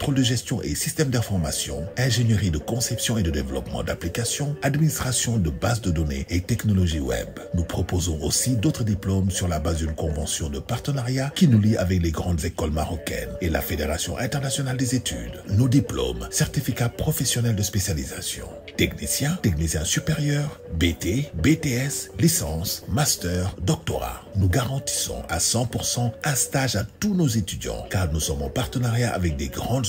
contrôle de gestion et système d'information, ingénierie de conception et de développement d'applications, administration de bases de données et technologies web. Nous proposons aussi d'autres diplômes sur la base d'une convention de partenariat qui nous lie avec les grandes écoles marocaines et la Fédération internationale des études. Nos diplômes, certificats professionnels de spécialisation, technicien, technicien supérieur, BT, BTS, licence, master, doctorat. Nous garantissons à 100% un stage à tous nos étudiants car nous sommes en partenariat avec des grandes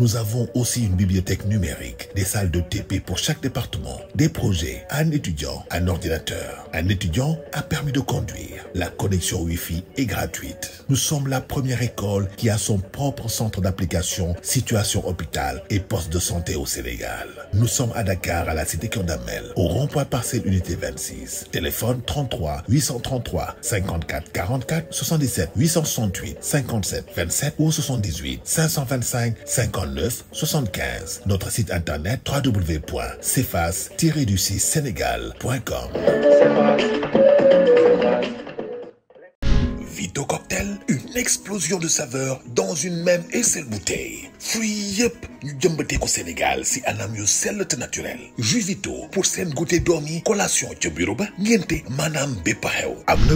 Nous avons aussi une bibliothèque numérique, des salles de TP pour chaque département, des projets, un étudiant, un ordinateur, un étudiant, a permis de conduire. La connexion Wi-Fi est gratuite. Nous sommes la première école qui a son propre centre d'application, situation hôpital et poste de santé au Sénégal. Nous sommes à Dakar, à la cité Kondamel, au rond-point parcelle unité 26. Téléphone 33 833 54 44 77 868 57 27 ou 78 525 50 109 75. Notre site internet www.cefas-du-6sénégal.com explosion de saveur dans une même et seule bouteille fruits yi yëpp ñu ko Sénégal si anam yu sell naturel jus pour s'en goûter dormi collation ca bureau ba ngénte maanaam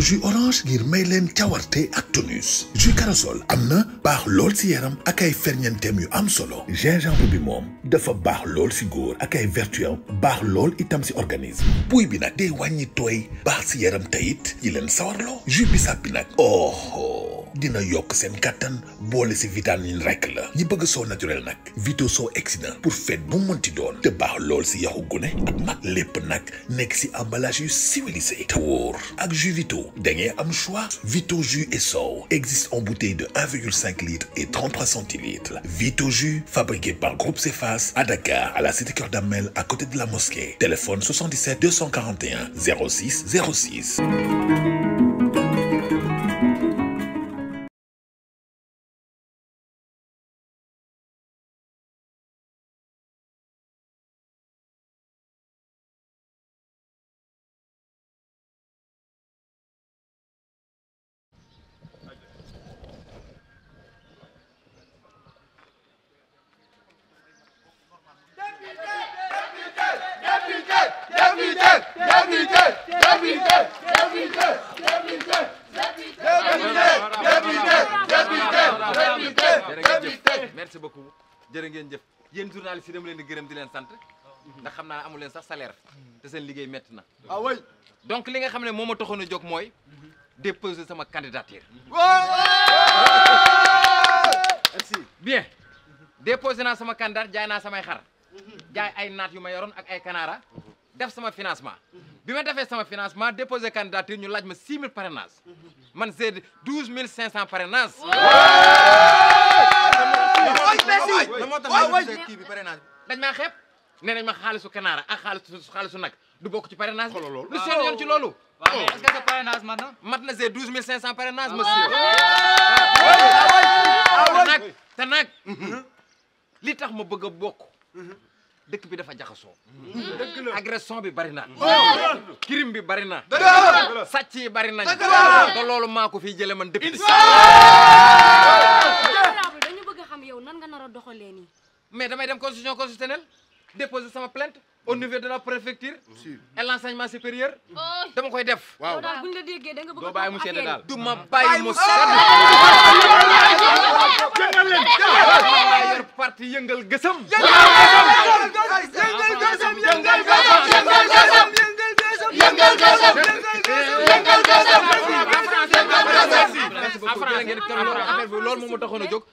jus orange gir may leen ak tonus jus carasol, amna, bar, baax lool si yaram ak ay ferñeenteem yu am solo gingembre bimom, defa, dafa baax lool si góor ak ay bar baax lool itam si organisme Pouy bi nag day bar, tooy baax si yaram tayit yi leen jus bissap oh, oh dina yok sen kattan bolé ci vitamine rek la ñi bëgg so naturel nak vito so excident pour fête bu monti doon te baax lool si yaxu gune ak mag lépp emballage civilisé tour wóor ak jus vito da am choix vito jus et so existe en bouteille de 1,5 litre et 33 centilitres vito jus fabriqué par Groupe Cefas à Dakar à la cité cœur Damel à côté de la mosquée téléphone 77 241 06 06 jërë ngeen jëf yéen journaliste yi leen di gërëm di leen sant ndax xam naa amu leen sax salaire te seen liggéey métti na ah donc li nga xam ne moom ma taxoon a jóg mooy déposer sama candidature merci bien déposé naa sama candidat jaay naa samay xar jaay ay naat yu ma yoroon ak ay kanaara def sama financement bi ma defee sama financement déposé candidature ñu laaj ma mille parrainage man mille cinq 12500 parrainage waa imbécile waaw waay dañ maa xeeb nee nañ ma xaalisu kanaara ak ah, xaalisu xaalisu nag du bokk ci parrainage bi. Oh, lu lolo. yoon ci loolu. waaw est-ce que sa parrainage mat na. mat na c'est douze mille cinq cent parrainage monsieur. Ah, ah, te nag te nag mm-hmm. li tax ma o a bokk. Mm-hmm. dëkk bi dafa jaxasoo. Mm-hmm. dëgg la agression bi bari na. crime bi bari Lolo dëgg la sàcc yi bari nañ. dëgg la te loolu maa ko fiy jëlee man député. nga nar a doxalee nii. mais damay dem constitution constitutionnelle déposer sama plainte au niveau de la préfecture. et l'enseignement supérieur. dama koy def. waaw daal bu ñu la déggee da nga bëgg a. doo bàyyi mu sedd daal du ma bàyyi mu sedd. yëngal leen yor parti yëngal gësam. yëngal gësam. loolu moom moo taxoon a jóg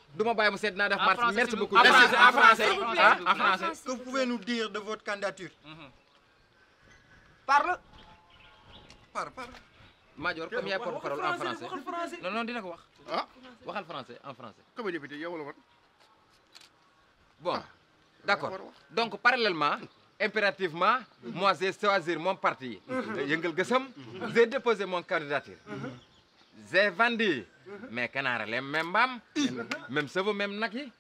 merci beaucoup. en français ah, en français que pouvez-nous dire de votre candidature. Mm-hmm. parle. parle parle. Major comme a pour parole en français non non dites le quoi. ah waxal français en français. comme député yow la bon ah. d'accord donc parallèlement. impérativement, moi j'ai choisi mon parti. Mm-hmm. J'ai déposé mon candidature. Mm-hmm j'ai vendu mes canards, les mêmes bam, même vous même naki,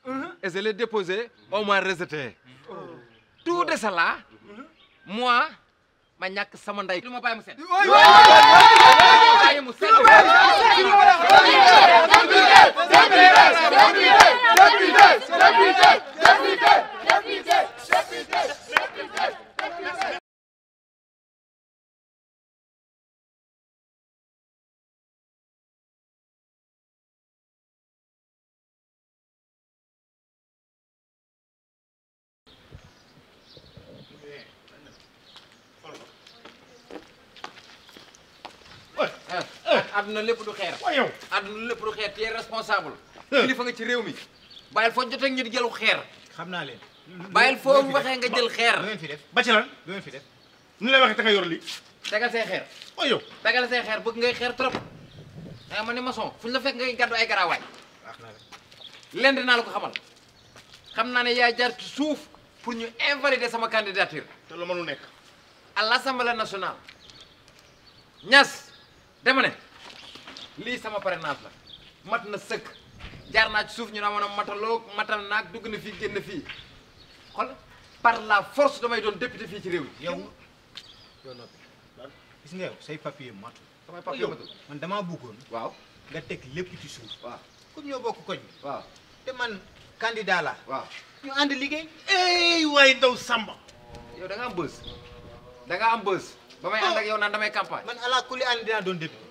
et je les déposé, au moins Tout de cela, moi, ma ñak sama nday àdduna lépp du xeer. waaw yow àdduna lépp du xeer te responsable. kilifa nga ci réew mi bàyyil foo jotee ñu jël xeer. xam naa leen. bàyyil foo waxee nga jël xeer. lu fi def ba ci lan lu ngeen fi def. nu lay waxee te nga yor lii. tegal say xeer. waaw yow tegal xeer bëgg ngay xeer trop. danga ma ne maçon fu ñu la fekk ngay gàddu ay garaawaay. leen dinaa la ko xamal xam naa ne yaa jaar ci pour ñu invalider sama candidature. te lu mënul nekk. à l'Assemblée nationale. Niass dama li sama parrainage la mat na seuk jar na ci souf ñu naa mën a matal nak dug na fi genn fi xol par la force damay don député fi ci rew yow yow nopi gis nga yow say papier mat sama papier mat man dama bëggoon. waaw nga tek lepp ci souf waaw ku ñoo bokk koñ. waaw te man candidat la. waaw ñu and liggéey. ey way ndaw Samba. yow da nga am buzz da nga am buzz bamay and ak oh. yow nan damay campagne. man ala kuli ànd dinaa doon député.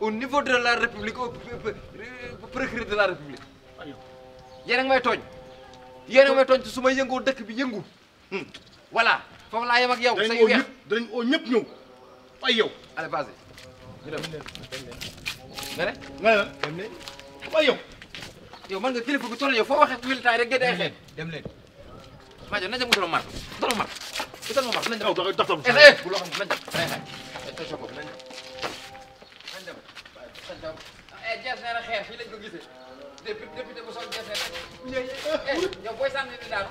au niveau de la république au procureur de la république yéen a ngi may tooñ yéen a ngi may tooñ te su ma yëngoo dëkk bi yëngu voilà foofu laa yem ak yow say weex dañ oo ñëpp ñëw ay yow allez vas-y ñu dem nga ne nga ne ay yow yow man nga kilifa bi toll yow foo waxee wiltaay rek gëdd ay dem leen maa jo jëm dara mar dara mar dara mar nañ dem dafa dafa bu lo xam nañ dem nee na xeer fii lañ ko gisee. député député bu soog a gisee rek. Eh, yow booy sànni ni daanu.